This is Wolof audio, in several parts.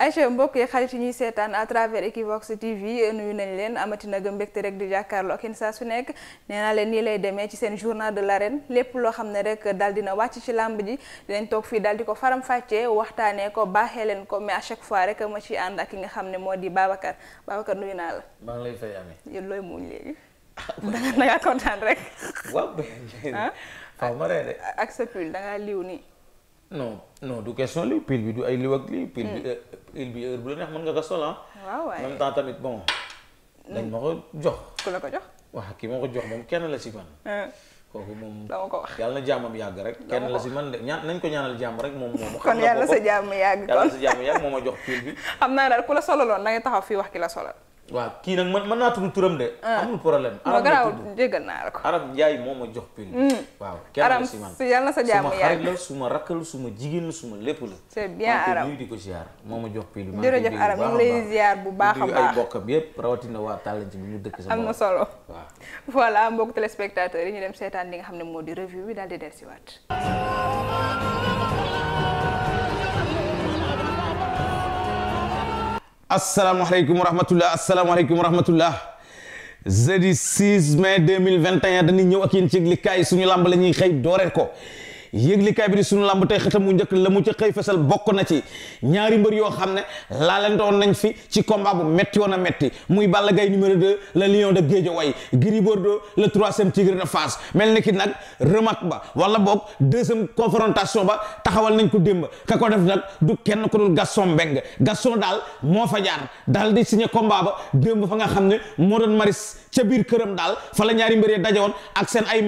ay mbokk yi xarit yi ñuy seetaan à travers Equivox TV nuyu nañ leen amati nag mbégte rek di jàkkaarloo ak yéen saa su nekk nee leen nii lay demee ci seen journal de l'arène lépp loo xam ne rek daal dina wàcc ci làmb ji dinañ toog fii daal di ko faram-fàccee waxtaanee ko baaxee leen ko mais à chaque fois rek ma ci ànd ak ki nga xam ne moo di Babacar Babacar nuyu naa la. maa ngi lay fay amee. yéen looy muuñ léegi. da nga da kontaan rek. Ah? ak sa pull da ngaa nii. non no du question liw pile bi du ay liw ak lii. pile bi hmm. euh, pile bi heure bu la neex mën nga ko sol ah. waaw waay même hmm. ma ko jox. ku la ko jox. waaw kii ma ko jox moom kenn la si man. Hmm. kooku moom. la ko wax yàlla na jàmmam yàgg rek. kenn la si man de ñaan nañ ko ñaanal jàmm rek moom moom. a yàlla sa jàmm yàgg kon yàlla sa jàmm yàgg moo ma jox pile bi. xam naa daal ku la solaloon na taxaw fii wax ki la solal. waaw kii nag man mën naa tudd turam de. Ah. amul problème aram la tudd jégal naa la ko. aram ma jox pin. Mm. waaw kenn la si man yal na sa jàmm yaay. suma xarit la suma rakk la suma jigéen suma lépp la. c'est bien aram maa ngi di ko ziar moo ma jox pin. jërëjëf aram ñu ngi lay ziar bu baax a ay bokkam yëpp rawatina waa Tallaji bi ñu dëkk sa am na solo waa waaw. voilà mbokk téléspectateurs yi ñu dem seetaan li nga xam ne moo di revue bi daal di dellusiwaat. asalaamaaleykum wa rahmatullah asalaamaaleykum wa rahmatullah jeudi 6 mai 2021 dañuy ñëw ak yéen ci yëglikaay suñu làmb la ñuy xëy dooreel ko yëglikaay bi di sunu làmb tey mu njëkk xëy fesal bokk na ci ñaari mbër yoo xam ne laalantoon nañ fi ci combat bu metti woon a metti muy Balla Gaye numéro 2 le lion de Guédiawaye Gris Bordeaux le troisième tigre de Fass mel ni ki nag remak ba wala boog deuxième confrontation ba taxawal nañ ko démb ka ko def nag du kenn ko dul Gaston Mbengue Gaston daal moo fa jaar daal di signé combat ba démb fa nga xam ne moo doon maris ca biir këram daal fa la ñaari mbër yi daje woon ak seen ay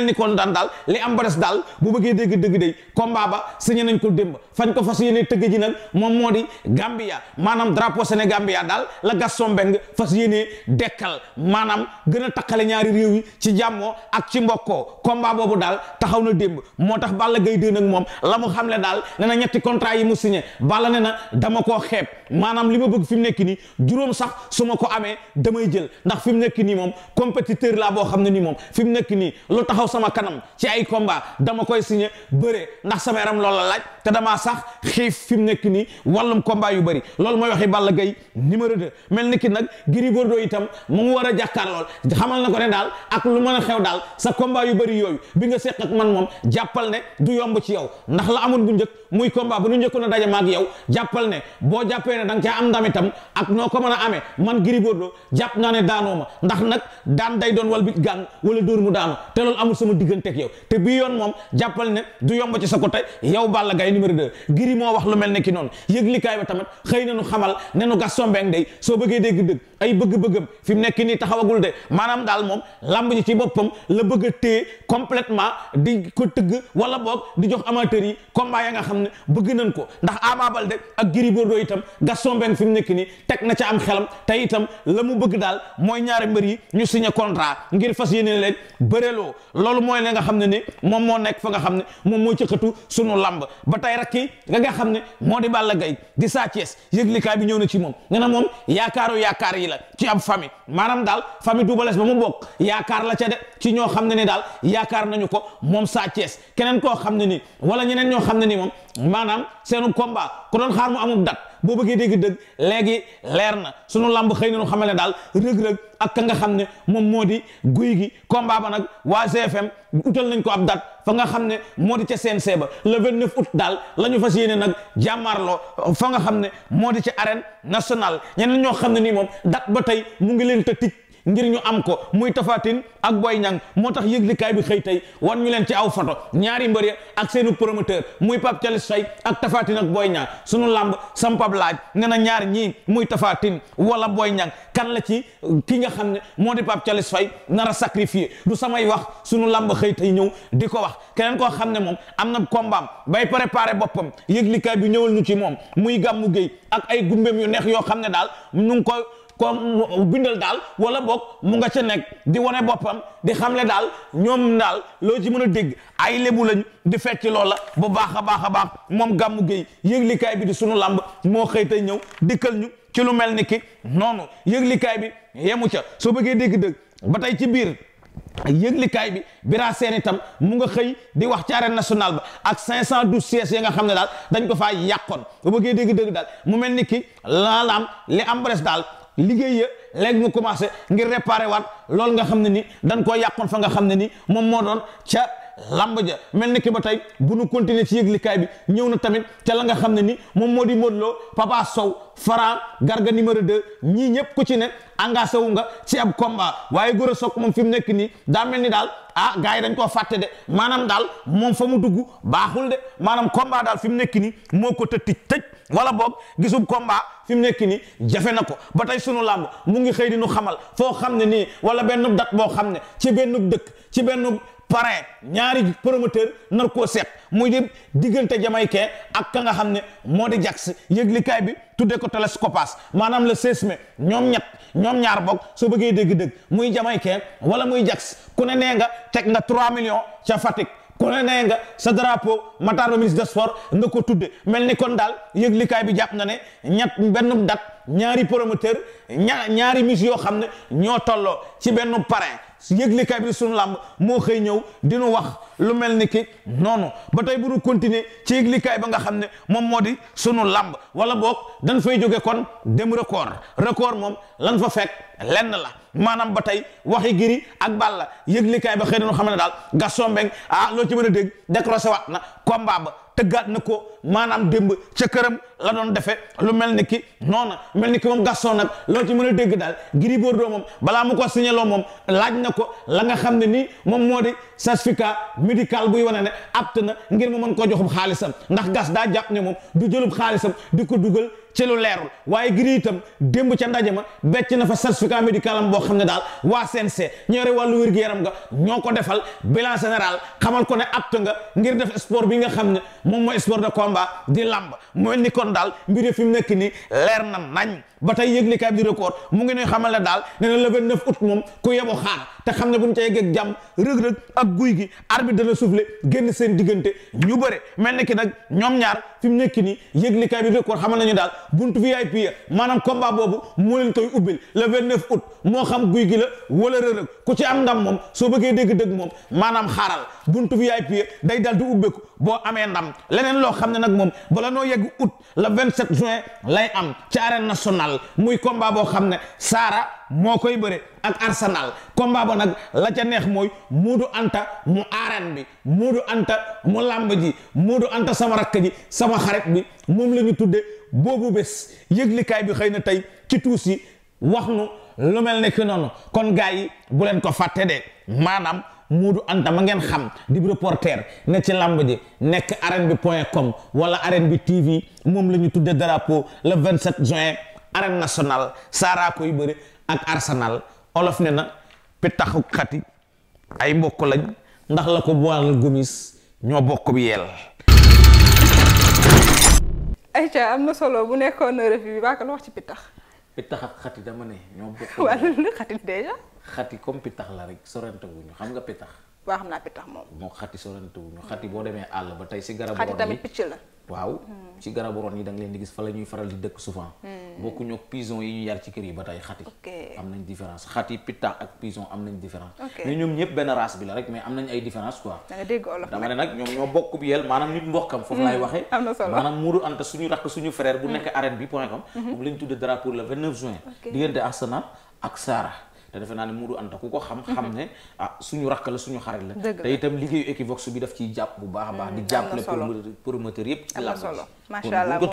mel ni kon daan daal li am ba des daal bu bëggee dégg dëgg day combat ba signé nañ ko démb fañ ko fas yéene tëgg ji nag moom moo di Gambia maanaam drapeau Sénégambia daal la Gaston Mbengue fas yéene dekkal maanaam gën a takkale ñaari réew yi ci jàmmoo ak ci mbokkoo combat boobu daal taxaw na démb moo tax Balla gay 2 nag moom la mu xamle daal ne na ñetti contrat yi mu signé Balla ne na dama koo xeeb maanaam li ma bëgg fi mu nekk nii juróom sax su ma ko amee damay jël ndax fi mu nekk nii moom compétiteur laa boo xam ne sama kanam ci ay combat dama koy signé bëre ndax sama yaram loolu la laaj te damaa sax xiif fi mu nekk nii wàllum combat yu bari loolu mooy waxi Balla gay numéro 2 mel ni ki nag Gris Bordeaux itam mu ngi war a jàkkaar lool xamal na ko ne daal ak lu mën a xew daal sa combat yu bëri yooyu bi nga seq ak man moom jàppal ne du yomb ci yow ndax la amoon bu njëkk muy combat bu nu njëkkoon a daje maag yow jàppal ne boo jàppee ne da nga caa am ndam itam ak noo ko mën a amee man Gris Bordeaux jàpp naa ne daanoo ma ndax nag sama diggante ak yow te bii yoon moom jàppal ne du yomb ci sa côté yow Balla Gaye numéro 2 giri moo wax lu mel ne ki noonu yëglikaay ba tamit xëy na nu xamal ne nu Gaston Mbengue day soo bëggee dégg dëgg ay bëgg-bëggam fi mu nekk nii taxawagul de maanaam daal moom lamb ji ci boppam la bëgg a téye complètement ko tëgg wala boog di jox amateur yi combat ya nga xam ne bëgg nañ ko ndax Ama Baldé ak Gris Bordeaux itam Gaston fi mu nekk nii teg na ca am xelam te itam la mu bëgg daal mooy ñaari mbër yi ñu signé contrat ngir fas yéene leen bëreloo loolu mooy ne nga xam ne ni moom moo nekk fa nga xam ne moom moo ci xëtu suñu làmb ba tey rek kii nga nga xam ne moo di Balla Gaye di Sa Thiès yëglikaay bi ñëw na ci moom ne na moom yaakaaru yaakaar yi la ci ab famille maanaam daal famille Double Less ba mu bokk yaakaar la ca de ci ñoo xam ne ni daal yaakaar nañu ko moom Sa Thiès keneen koo xam ne ni wala ñeneen ñoo xam ne ni moom maanaam seenu combat ko doon xaar mu amum dat boo bëggee dégg dëgg léegi leer na sunu làmb xëy na ñu xamal daal rëg-rëg ak ka nga xam ne moom moo di guy gi combat ba nag waa GFM utal nañ ko ab date fa nga xam ne moo di ca CNC ba le 29 daal la ñu fas yéene nag jàmmaarloo fa nga xam ne moo di ca arène nationale ñeneen ñoo xam ne nii moom date ba tey mu ngi leen tëtik ngir ñu am ko muy tafaatin ak boy ñang moo tax yëglikaay bi xëy tey wan ñu leen ci aw photo ñaari mbër ya ak seenu promoteur muy Pape Thialis Faye ak tafaatin ak boy ñang sunu làmb sam pab laaj ne na ñaar ñii muy tafaatin wala boy ñang kan la ci ki nga xam ne moo di Pape Thialis Faye nar a sacrifié samay wax sunu làmb xëy tey ñëw di ko wax keneen koo xam ne moom am na kombaam bay préparé boppam yëglikaay bi ñëwal ñu ci moom muy gàmmu géey ak ay gumbeem yu neex yoo xam ne daal nu ko bu bindal daal wala boog mu nga ca nekk di wane boppam di xamle daal ñoom daal loo ci mën a dégg ay lebu lañ di fecc loola bu baax a baax a baax moom gàmmu géey yëglikaay bi di sunu làmb moo xëy tey ñëw dikkal ñu ci lu mel ni ki noonu yëglikaay bi yemu ca soo bëggee dégg-dëgg ba tey ci biir yëglikaay bi bira seen itam mu nga xëy di wax ci national nationale ba ak 512 sièges yi nga xam ne daal dañ ko faa yàqoon bu bëggee dégg-dëgg daal mu mel ni ki laalaam li am bres daal liggéey ya léegi mu commencé ngir réparé waat loolu nga xam ne ni dañ koo yàqoon fa nga xam ne ni moom moo doon ca lamb ja mel ni ki ba tey bu nu continuer ci yëglikaay bi ñëw na tamit ca la nga xam ne ni moom moo di Modou loo Papa Sow Franc Garga numéro 2 ñii ñëpp ku ci ne engagé wu nga si ab combat waaye Gora Sock moom fi mu nekk nii daa mel ni daal ah gars yi dañ koo fàtte de maanaam daal moom fa mu dugg baaxul de maanaam combat daal fi mu nekk nii moo ko tëj tëj wala boog gisub combat fi mu nekk nii jafe na ko ba tey sunu làmb mu ngi xëy di nu xamal foo xam ne nii wala benn dat boo xam ne ci benn dëkk ci benn parrain ñaari promoteur nar koo seet muy di jamay jamaïcain ak ka nga xam ne moo di jax yëglikaay bi tudde ko télescopas maanaam le 16 mai ñoom ñett ñoom ñaar bokk soo bëggee dégg-dégg muy jamaïcain wala muy jax ku ne nee nga teg nga 3 millions ca Fatick ku ne nee nga sa drapeau Matar Ba de sport nga ko tudde mel ni kon daal yëglikaay bi jàpp na ne ñett benn date ñaari promoteur ña ñaari mise yoo xam ne ñoo tolloo ci benn parrain yëglekaay bi di sunu làmb moo xëy ñëw dinu wax lu mel ni ki noonu ba tey bu nu continuer ci yëglekaay ba nga xam ne moom moo di sunu làmb wala boog dañ fay jóge kon dem record record moom lan fa fekk lenn la maanaam ba tey waxi giri ak Balla yëglekaay ba xëy na ñu xam ne daal Gaston Mbengue ah loo ci mën a dégg décroché waat na combat tëggaat na ko maanaam démb ca këram la doon defe lu mel ni ki noona mel ni ki moom Gaston nag loo ci mën a dégg daal Gris Bordeaux moom balaa mu ko signaloo moom laaj na ko la nga xam ne nii moom moo di certificat médical buy wane ne apte na ngir mu mën koo joxub xaalisam ndax gas daa jàpp ne moom du jëlub xaalisam di ko dugal ci lu leerul waaye Gris itam démb ca ndaje ma becc na fa certificat médical am boo xam ne daal waa CNC ñoore wàllu wér-gu-yaram nga ñoo ko defal bilan général xamal ko ne apte nga ngir def sport bi nga xam ne moom mooy sport de combat di lamb mooy ni kon daal mbir fi mu nekk nii leer na nañ ba tey yëglikaay bi di mu ngi ñuy xamal daal nee na le 29 août moom ku yebu te xam ne bu ñu ca yeggee jàmm rëg-rëg ak guy gi arbitre dana soufflé génn seen diggante ñu bëre mel ni ki nag ñoom ñaar fi mu nekk nii yëglikaay bi di record xamal nañu daal buntu VIP ya maanaam combat boobu moo leen koy ubbil le 29 août moo xam guy gi la wala rërëg ku ci am ndam moom soo bëggee dégg dëgg moom maanaam xaaral buntu VIP ya day dal di ubbeeku boo amee ndam leneen loo xam ne nag moom bala noo yegg août le 27 juin lay am ci arène nationale muy komba boo xam ne saara moo koy bëre ak Arsenal combat ba nag la ca neex mooy Moodu Anta mu arène bi Moodu Anta mu làmb ji Moodu Anta sama rakk ji sama xarit moom la ñu tudde boobu bés yëglikaay bi xëy na tey ci tuus yi wax nu lu mel ne ki noonu kon gars yi bu leen ko fàtte de maanaam Moodu Anta a ngeen xam di reporter ne ci lamb ji nekk arène bi point com wala arène bi TV moom la ñu tudde drapeau le 27 juin arène nationale saaraa koy bëri ak Arsenal olof ne na pittaxu xati ay mbokk lañ ndax la ko boolal gomis ñoo bokk bi yeel Aïcha am na solo bu nekkoon revue bi baaka la wax ci pittax. pittax ak xati dama ne ñoo bokk. waaw loolu la xati déjà. xati comme pittax la rek sorante wuñu xam nga pittax. waaw xam naa pittax moom. moo xati sorante wuñu xati boo demee àll ba tey si garabu ron yi xati tamit picc la. waaw hmm. ci garabu ron yi da nga leen di gis fa la ñuy faral di dëkk souvent. Hmm. bokkuñu ak pison yi ñu yar ci kër yi ba tey xati am nañ différence xati pitta ak pison am nañ différence mais ñoom ñëpp benn race bi la rek mais am nañ ay différence quoi dama ne nag ñoom ñoo bokk bi yel maanaam nit mbokkam foofu laay hmm. waxee maanaam Modou Anta suñu rakk suñu frère bu hmm. nekk arène bi point com hmm. moom la ñu tudde xam xam ne ah suñu rakk la suñu xarit la te itam liggéeyu Equivox bi daf ciy jàpp bu baax a baax di jàppale promoteur yépp ci làmb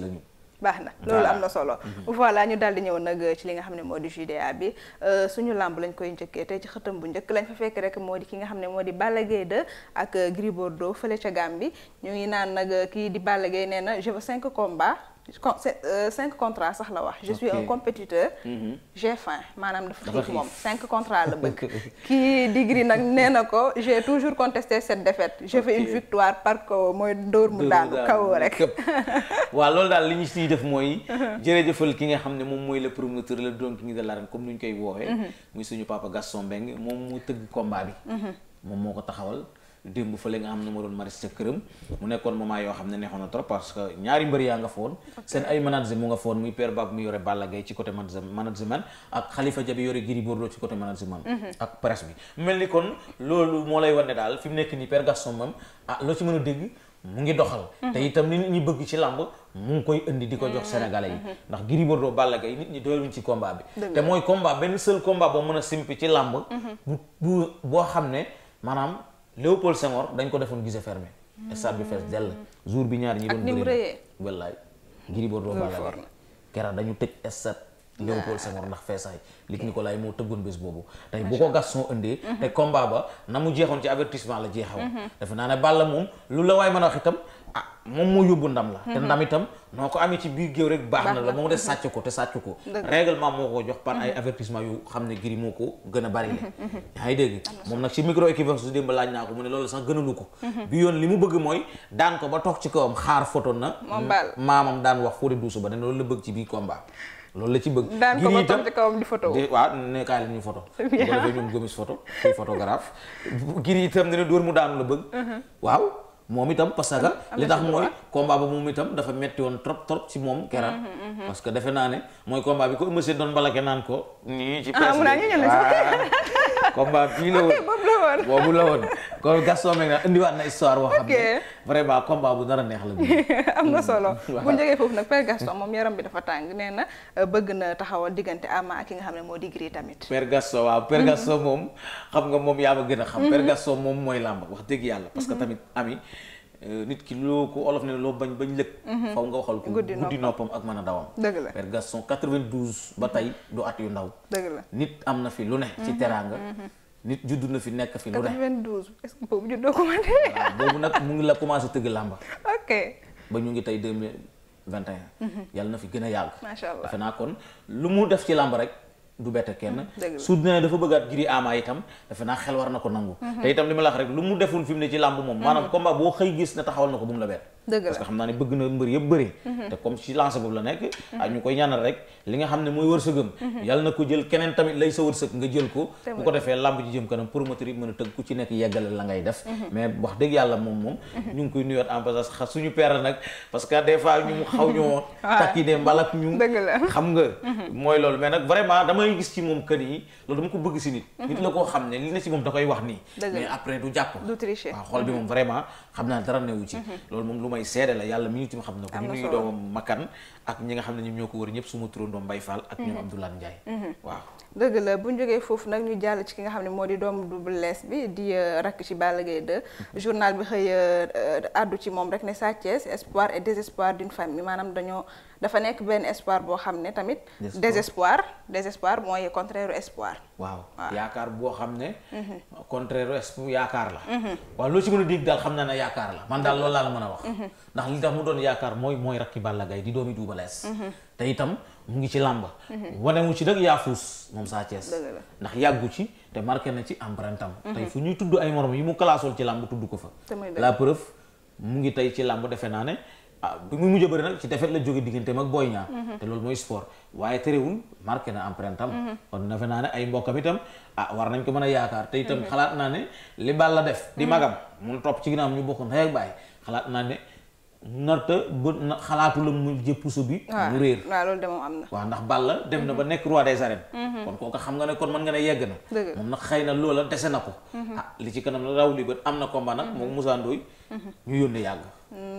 la ñu baax na loolu am na solo mhm. voilà ñu daal di ñëw nag ci li nga xam ne moo di JDA bi euh, suñu làmb lañ koy njëkkee tey ci xëtam bu njëkk lañ fa fekk rek moo di ki nga xam ne moo di Balla Gaye 2 ak Gris Bordeaux fële ca bi ñu ngi naan nag kii di Balla Gaye nee na je veux cinq combats Euh, cinq contrats sax la wax je suis un compétiteur mhm. j'ai faim maanaam dafa xiif moom cinq contrats la bëgg kii Digri nag nee na ko j'ai toujours contesté cette défaite je fais victoire par ko mooy dóor mu daanu kawoo rek waaw loolu daal li ñu siy def mooy uh-huh. jërëjëfal ki nga xam ne moom mooy le promoteur le Don King de l'arène comme ni ñu koy woowee uh-huh. muy suñu papa Gaston Mbengue moom mu tëgg combat bi uh-huh. moom moo ko taxawal démb fële nga xam ne maris sa këram mu nekkoon moment yoo xam ne neexoon na trop parce que ñaari mbër yaa nga foon seen ay manager mu nga foon muy père Bab mu yore Balla Gaye ci côté management ak Khalifa Jabi yore Gris Bordeaux ci côté management mhm. ak presse bi mel ni kon loolu moo lay wane daal fi nekk nii père Gaston moom ah loo ci mën a dégg mu ngi doxal mhm. te itam ni nit ñi bëgg ci làmb mu ngi koy indi di ko jox mhm. sénégalais yi ndax Gris Bordeaux Balla a Léopold Senghor dañ ko defoon gisee fermé. stade bi fees dell. jour bi ñaar ñi doon bëri rek wallaay Gris Bordeaux Balla Gaye kera dañu tëj stade Léopold ah. Senghor ndax feesaay Luc Nicolaï moo tëggoon bés boobu ah, tey bu ko Gaston indee te mhm. combat ba na mu jeexoon ci avertissement la jeexawoon mhm. defe naa ne Balla moom lu la waay mën a wax ah moom moo yóbbu ndam la mhm. te ndam itam noo ko amee ci biir géew rek baax na la moom de sàcc ko te sàcc ko règlement moo ko jox par mhm. ay avertissement yu xam ne Gris moo ko gën a bari mhm. le mu li mu bëgg mooy daan ko ba toog ci kawam xaar photo na maamam daan wax foo de duusu ba ne loolu la bëgg ci biir combat loolu la ci bëgg daan ko ba toog ci kawam di photo waaw ne kaay la ñuy photo bu ko defee ñoom gomis photo kii photographe Gris itam ne ne dóor mu daanu la bëgg waaw moom itam parce que li tax mooy combat ba moom itam dafa metti woon trop trop ci moom keral mm-hmm, mm-hmm. parce que defe naa ne mooy combat bi ko monsieur doon balake naan ko nii ci ah, presse ah, la woon boobu la woon kon Gaston meeg na indiwaat na histoire vraiment combat bu dara neex la bi am na solo mm, bu njëgee foofu nag Père Gaston moom yaram bi dafa tàng nee na euh, bëgg na taxawal diggante Ama ak ki nga xam ne moo di Gris tamit Père Gaston waaw Père mm-hmm. Gaston moom xam nga moom yaa ma gën a xam Père Gaston moom mooy làmb wax dëgg yàlla parce que tamit ami nit ki loo ko olof ne loo bañ bañ lëkk mhm. faw nga waxal ko guddi noppam ak mën a dawam dëgg la Père Gaston ba tey mhm. du at yu ndaw dëgg la nit am na fi lu ne ci mhm. teraanga nit juddu na fi nekk fi lu ne 92 est-ce boobu nag mu ngi la commencé tëgg làmba ok ba ñu ngi tey 2021 yàlla na fi gën a yàgg defe naa kon lu mu def ci làmba rek du bett kenn mm-hmm. su ne dafa bëggaat giri ama itam dafa naa xel war na ko nangu mm-hmm. te itam li ma la wax rek lu mu deful fi mu ne ci làmb moom maanaam mm-hmm. combat boo xëy gis ne taxawal na ko bu mu la bett dëgg la parce que xam naa ne bëgg na mbër yëpp mhm. mhm. ñu koy ñaanal rek li nga xam ne mhm. ko ko bu ko defee làmb ji jëm kanam promoteur yi la ngay def mais wax dëgg yàlla koy nuyoot en passage xa suñu père nag parce que des fois ñu xaw ñoo ah. takki de mbalak ñu xam nga mooy loolu mais nag vraiment damay gis ci moom kër yi loolu dama ko bëgg si nit nit la koo xam ne li ne si moom da koy wax nii mais après du jàpp waaw xool bi moom vraiment xam naa dara newu ci loolu moom may seede la yàlla mi ñu tim xam na ko ñu nuyu doomam Makan ak ñi nga xam ne ñoom ñoo ko wër ñëpp suma turóon doom Mbaye Fall ak ñoom mhm. Abdoulaye Ndiaye mhm. waaw dëgg la bu ñu foofu nag ñu jàll ci ki nga xam ne moo di doomu Double Less bi di euh, rakk ci Balla Gaye 2 mhm. journal bi xëy euh, euh, addu ci moom rek ne Sa Thiès espoir et désespoir d'une famille maanaam dañoo dafa nekk benn espoir boo xam ne tamit. désespoir désespoir mooy contraire espoir. waaw yaakaar boo xam ne. Mhm. contraire espoir yaakaar la. Mhm. waaw loo ci mën a dégg daal xam naa ne yaakaar la man daal loolu laa la man a wax. Mhm. ndax li tax mu doon yaakaar di doomi Double Less. te mu ngi ci làmba. wane mu ci dëgg yaafuus moom Sa Thiès. ndax yàggu ci te marqué na ci empreinte am. tey fu ñuy tudd ay morom yi mu kalaasool ci làmb tudd ko fa. la preuve mu ngi tey ci làmb defe naa ne. ah bi mu mujj bëri nag ci defet la jóge digganteem ak Boy Niang mhm. te loolu mooy sport waaye terewul marqué na empreinte am mhm. kon defe naa ne ay mbokkam itam ah war nañ ko mën a yaakaar te itam mhm. xalaat naa ne li bal la def di magam mun topp ci ginnaaw ñu bokk ndey baay xalaat naa ne narta ba xalaatu la mu jëpp puso bi ah, mu réer waaw am na waaw ndax Balla dem na ba nekk roi des arènes kon kooka xam nga ne kon mën nga ne yegg na moom xëy na loola dese na ko ah, li ci kanam raw li bët am na combat nag moom Moussa Ndoye ñu yónnee yàgg mm.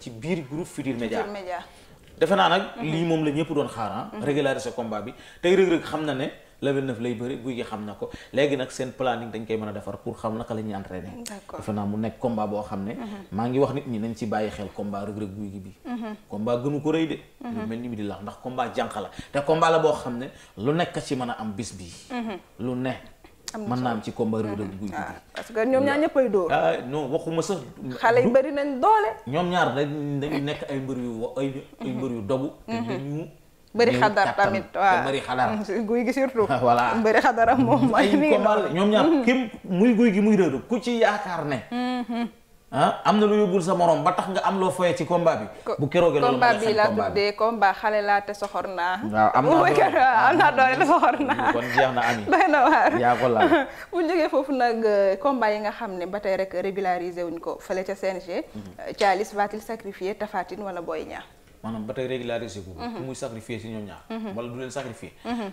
ci biir groupe Futur Média defe naa nag mhm. lii moom la ñëpp doon xaar ah. mhm. régulariser combat bi tey rëg-rëg xam na ne level 9 lay bëri guy gi xam na ko léegi nag seen planning dañ koy mën a defar pour xam naka la ñuy entraîner defe mu nekk combat boo xam ne mhm. maa ngi wax nit ñi nañ ci bàyyi xel combat rëg-rëg guy gi bi combat gënu ko rëy de lu mel ni mi di la ndax combat jànq la te komba la boo xam ne lu nekk ci man a am bis bi lu ne mën naa am ci combat Reug Reug guy ah, parce que ñoom ñaar ñëppay dóor ah non waxuma sax xale yi bëri nañ doole ñoom ñaar dañu nekk ay mbër yu ay ay mbër yu dogu mhm. dañu bëri xadar tamit waaw bëri xadar guy gi surtout ah, voilà bëri xadara moom ay combat ñoom ñaar kim mhm. muy guy gi muy Reug Reug ku ci yaakaar ne mhm. ah am na lu yóbbul sa moroom ba tax nga am loo foyee ci combat bi. bu keroogee loolu combat bi laa tuddee combat am naa doole am jeex na ami doy na waar yaa ko laal. Euh, yi nga xam ne ba tey rek wuñ ko fële ca CNG. Mhm. Euh, Thialis va-t-il sacrifier Tapha Tine wala Boy Niang. maanaam ba tey régularisé ko. Mhm. ku muy sacrifier si ñoom ñaar. Mhm. wala du leen sacrifier.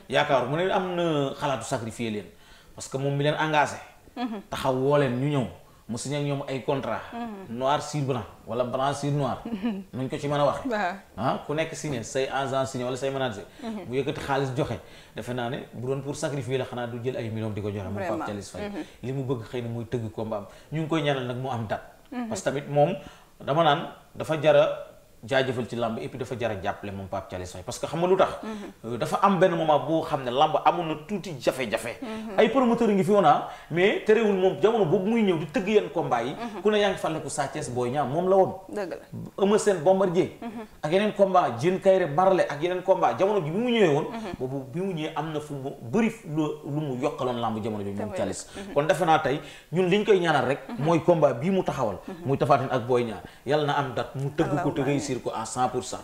yaakaar mu ne am na xalaatu sacrifier leen parce que moom mi leen engagé. taxaw woo leen ñu ñëw. mu signé ak ñoom ay contrat mm-hmm. noir sur blanc wala blanc sur noir nuñ ko ci mën a waxe ah ku nekk signé say agent signé wala say manager mm-hmm. bu yëkkati xaalis joxe defe naa ne bu doon pour sacrifier la xanaa du jël ay millions di ko joxe moom Pape Thialis Faye mm-hmm. li mu bëgg xëy na muy tëgg ko am ñu ngi koy ñaanal nag mu am date parce que tamit moom dama naan dafa jara jaajëfal ci làmb et puis dafa jar a jàppale moom Pape Thialis Faye parce que xam nga lu tax euh, dafa am benn moment boo xam ne làmb amoon na tuuti jafe-jafe mhm. ay promoteurs ngi fi woon ah, mais terewul moom jamono boobu mhm. la woon Eumeu Sène Bombardier mhm. ak yeneen combat Diène Kaïré Marley ak yeneen combat jamono bi mu ñëwee woon mu ñëwee am na fu mu bëri lu mu yokkaloon làmb jamono bi moom Thialis kon defe naa tey ñun liñ koy ñaanal rek mooy combat bii mu taxawal muy Tapha ak Boy Niang yàlla na am date mu tëgg ko te réussir réussir ko à cent pour cent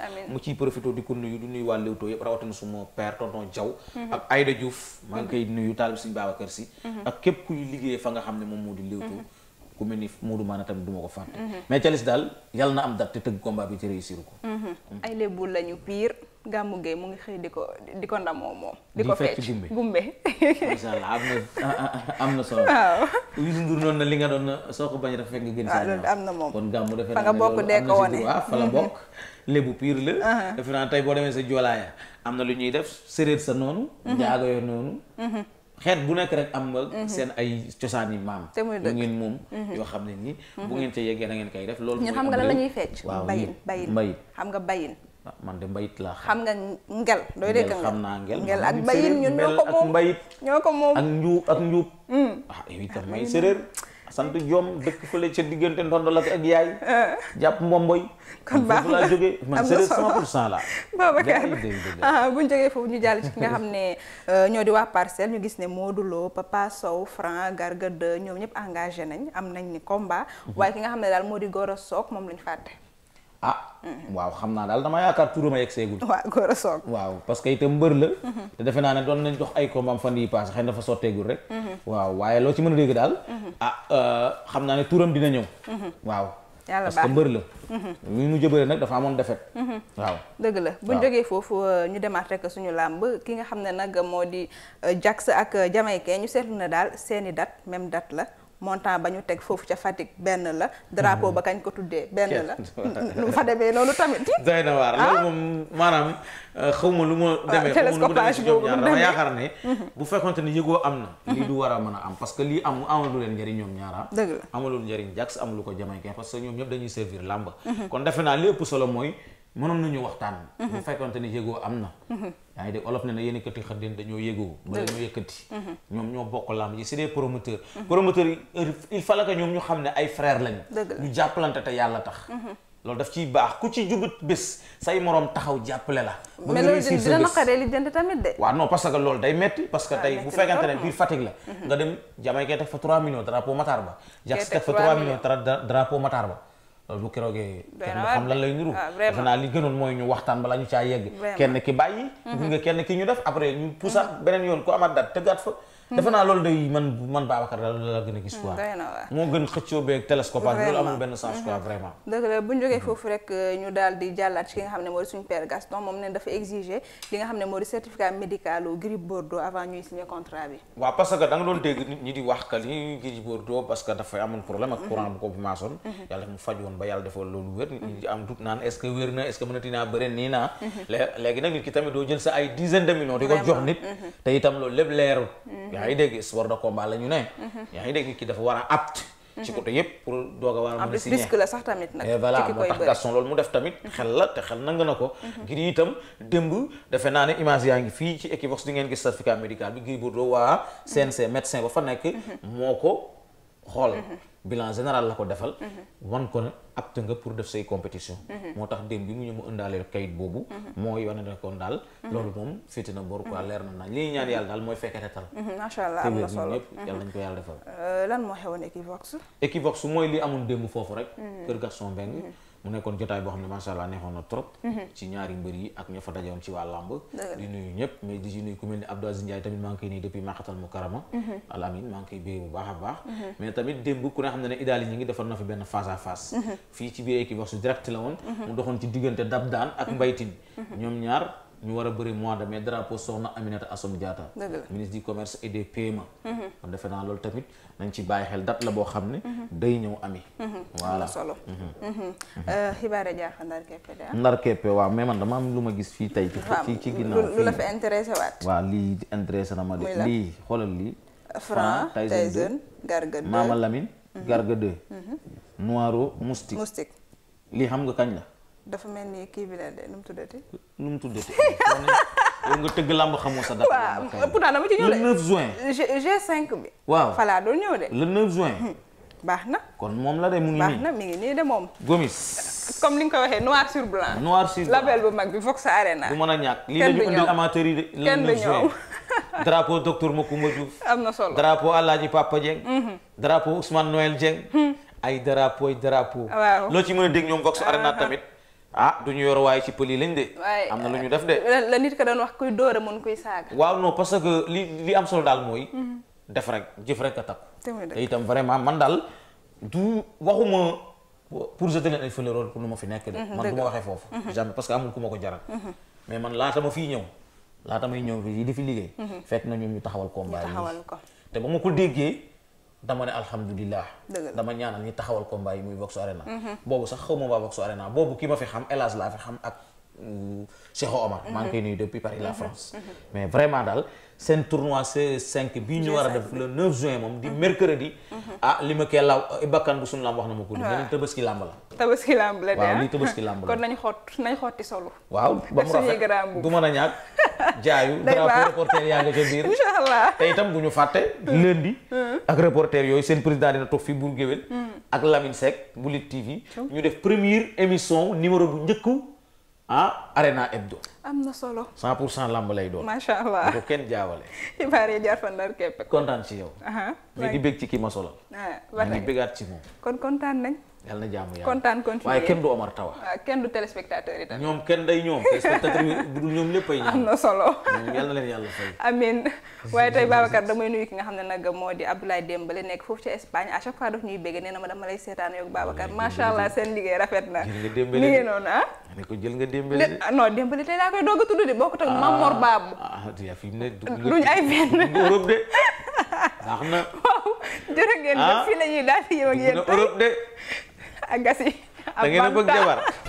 di ko nuyu di nuyu waa Leewtoo yëpp rawatina suma père tonton Diaw mhm. ak Aïda Diouf maa ngi koy mhm. nuyu taalib suñu Babacar si mhm. ak képp kuy liggéeyee fa nga xam ne moom moo di Leewtoo ku mel ni Modou Maana tamit du ko fàtte mais Thialis daal yàlla na am date te tëgg combat bi te réussir ko ay lébu lañu pire Gamou Gueye mu ngi xëy di ko di ko ndamoo moom. di ko fecc gumbe macha allah am na ah, ah, ah, am na solo. waaw Youssou Ndour noonu li nga doon soo ko bañ a fekk nga gën saa na moom kon Gamou defe naa bokk dee ko la bokk lébu piir la uh-huh. defe naa tey boo demee sa jolaaya am na lu ñuy def séréer sa noonu uh-huh. njaago yo noonu uh-huh. xeet bu nekk rek am nga seen ay cosaan yi maam lu ngeen moom yoo xam ne nii bu ngeen ca yeggee da ngeen koy def loolu ñun xam nga lan la ñuy fecc bayin bayin xam nga bayin Ah, man de mbayit laa xam nga ngel dooy dégg ngel xam naa ngel ngel ak mbayit ñun ñoo ko moom mbayit ak njuub ak njuub may séréer sant joom dëkk la ca diggante ndondolak ak yaay ah. jàpp mbomboy kon baax na laa jógee man séréer cent la Babacar ah, buñ jógee foofu ñu jàll ci ki nga xam ne euh, ñoo di wax parcelle ñu gis ne Modou Lo Papa Sow Franc Garga 2 ñoom ñëpp engagé nañ am nañ ni combat mhm. waaye ki nga xam ne daal moo di Gora Sock moom lañ fàtte ah waaw xam naa daal dama yaakaar turam a yegg seegul waaw góor a soog waaw parce que itam mbër la te defe naa ne doon nañ dox ay combat fan yi passé xëy na dafa sotteegul rek waaw waaye loo ci mën a dégg daal ah euh, xam naa ne turam dina ñëw waaw yàlla baax parce que mbër la. mi la bu euh, ñu nga xam ne nag moo di euh, Jax ak Jamaïcain ñu seetlu na daal seeni date même date la. montant ba ñu teg foofu ca Fatick benn la drapeau ba kañ ko tuddee benn la lu fa demee noonu tamit doy na waar loolu ah. moom maanaam euh, ah, xaw ma lu ma demee télescopage boobu dama yaakaar ne mhm. bu fekkonte ne yëgoo am na lii du war a mën a am parce que lii am lu leen njëriñ ñoom ñaara ah. dëgg la amalu njëriñ Jax amalu ko Jamaïcain parce que ñoom ñëpp dañuy servir làmb mhm. kon defe naa li ëpp solo mooy mënoon nañu waxtaan. Mhm. bu fekkonte ne yëgoo am na. Mhm. yaa ngi dégg olof ne na yéen kati xëddin dañoo yëgoo. bala ñoo yëkkati. Mhm. ñoom ñoo bokk lamb yi c'est des promoteurs. il fallait ñoom ñu xam ne ay frères lañu. ñu jàppalante te yàlla tax. lool daf ciy baax ku ci jubut bés say moroom taxaw jàppale la. ba nga réussir sa bés mais loolu dina naqaree tamit de. waaw non parce que loolu day metti parce que ah, tey bu fekkante ne biir Fatick la. nga dem Jamaïque teg fa 3 millions teg fa 3 millions drapeau Matar ba. Euh, bu keroogee kenn xam lan lay nuru ah, defe naa li gënoon mooy ñu waxtaan balaa ñu caa yegg kenn ki bàyyi. Mhm. nga kenn ki ñu def après ñu poussa mhm. beneen yoon ku amaat dat tëggaat fa defe naa loolu day man man Babacar la gën a gis quoi. moo gën xëccoo beeg télescope loolu amul benn sens quoi vraiment. bu ñu foofu rek euh, ñu daal di jàllaat ci nga xam ne moo di suñu père Gaston moom ne dafa exiger li nga xam ne moo di certificat médical u Bordeaux avant ñuy signer contrat bi. waaw parce que da nga doon dégg nit ñi di wax que li Bordeaux parce dafay amoon problème ak mhm. courant bu ko bu maasoon. Mhm. yàlla mu faj woon ba yàlla defal yaa ngi dégg sport de combat la ñu ne mhm. yaa ngi dégg ki dafa war a apte ci mhm. côté yëpp pour doog a war a mën a signé risque la sax tamit nag voilà moo tax Gaston loolu mu def tamit mhm. xel la te xel nang na ko ngir itam démb defe naa ne image yaa ngi fii ci Equivox di ngeen gis certificat médical bi Gris Bordeaux waa CNC médecin ba fa nekk moo ko xool mhm. bilan général la ko defal mhm. wan ko ne apte nga pour def say compétition mhm. moo tax démb bi mu ñëw mu ëndaale kayit boobu moo yoone ne kon daal loolu moom féete na boru leer na nañ li ñaan yàlla daal mooy fekkete tal macha allah am na solo ñëpp yàlla ko yàlla defal euh, lan moo xewoon Equivox Equivox mooy li amoon démb foofu rek kër Gaston Mbengue mu nekkoon jotaay boo xam ne macha allah neexoon na trop. Mhm. ci ñaari mbër yi ak ña fa dajoon ci waa làmb. di nuyu ñëpp mais di ci ku mel ni Abdou Aziz Ndiaye tamit maa ngi depuis Makkatal Mukarrama. Mhm. Alamine maa ngi koy bu baax a baax. Mhm. mais tamit démb ku ne xam ne ne Idaali ñi ngi defoon na fi benn face à face. fii ci biir équipe wax su direct la woon. mu doxoon ci diggante Dab Daan ak Mbaytin ñoom ñaar ñu war a bëri mois de mai drapeau soxna Aminata Assome Diatta ministre du commerce et des PME mhm. kon defe naa loolu tamit nañ ci bàyyi xel date la boo xam ne mhm. day ñëw ami mhm. voilà solo euh, xibaare jaaxa ndar keppe de ah. ndar keppe waaw mais dama am lu ma gis fii tey ci ci ginnaaw lu la fi intéressé waat waaw lii intéressé na ma de lii xoolal lii Franc Tyson Garga 2 Mama Lamine Garga 2 Noiro Moustique Moustique lii xam nga kañ la dafa mel ni kii bi la de nu mu tuddati. nu mu tuddati yow nga tëgg làmb xamoo sa date. waaw pourtant dama ci ñëw de le 9 juin. g bi. waaw falaa ñëw de. le 9 juin. Hmm. baax na kon moom la de mu ngi nii baax nii de moom. Gomis. comme li nga ko waxee noir sur blanc. noir sur blanc label bu mag bi Vox Arena. du mën a ñàkk lii dañu indil amateur yi de. kenn du ñëw drapeau docteur Macoumba Diouf. am na solo drapeau Alaaji Papa Dieng. Mhm. drapeau Ousmane Noël Dieng. Hmm. ay drapeau ay drapeau. waaw loo ci mën a dégg ñoom Vox Arena tamit. ah du ñu yor waaye ci pël yi lañ de. am na lu ñu def de. la nit ka doon wax kuy dóora mën kuy saaga. waaw non parce que li li am solo daal mooy. Mhm. def rek jëf rek a takku. te itam vraiment man daal du waxuma pour jeter leen ay fleurs pour nu ma fi nekk de. Mhm, man du ma waxee foofu. Mhm. jamais parce que amul ku ma ko jaral. mais man laata ma fii ñëw. laata may ñëw fii di fi liggéey. fekk na ñun ñu taxawal combat yi. te ba ma ko déggee. dama ne alhamdulilah dama ñaanal ñi taxawal combat yi muy Vox Arena mhm. boobu sax xaw ma waa Vox Arena boobu kii ma fi xam hélas laa fi xam ak mm, Cheikh Omar mhm. maa ngi koy nuyu depuis Paris la mhm. France mais vraiment daal seen tournoi C5 bii ñu war a def le 9 juin moom di mercredi. Mhm. ah li ma kee law bakkan bu sunu lamb wax na ma ko. waaw leneen tabaski lamb la. tabaski lamb la de waaw ah. lii tabaski lamb la kon nañu xott nañu xotti solo. waaw ba yaa nga ca biir. incha allah bu ñu fàtte. Mm. lundi. Mm. ak reporter yooyu seen président dina toog fii Bour Guéweul. Mm. ak Lamine Seck bu Lutte TV. ñu def première émission numéro bu njëkk. ah Arena Hebdo. am na solo. 100 pour cent lamb lay doon. macha allah bu ko kenn jaawale. jaar fan ndar képp. kontaan si yow. mais di bég ci ki ma solo ah ba tey di bégaat ci moom. kon kontaan nañ. yàlla na jàmm yàlla kontaan continué waaye kenn du Omar Tawa. Ah, kenn du téléspectateur yi tamit. ñoom kenn day ñoom téléspectateur yi bu ñoom léppay am na solo ñoom yàlla na leen yàlla fay. amiin waaye tey Babacar damay nuyu ki nga xam ne nag moo di Abdoulaye Dembélé nekk foofu ci Espagne a chaque fois daf ñuy bégg nee na ma dama lay seetaan yow Babacar macha allah seen liggéey rafet na. noonu ah. ah tey laa koy doog a tudd de bokkut ak Mamor Babu. ah ah Gassi. da ngeen a bëgg jabar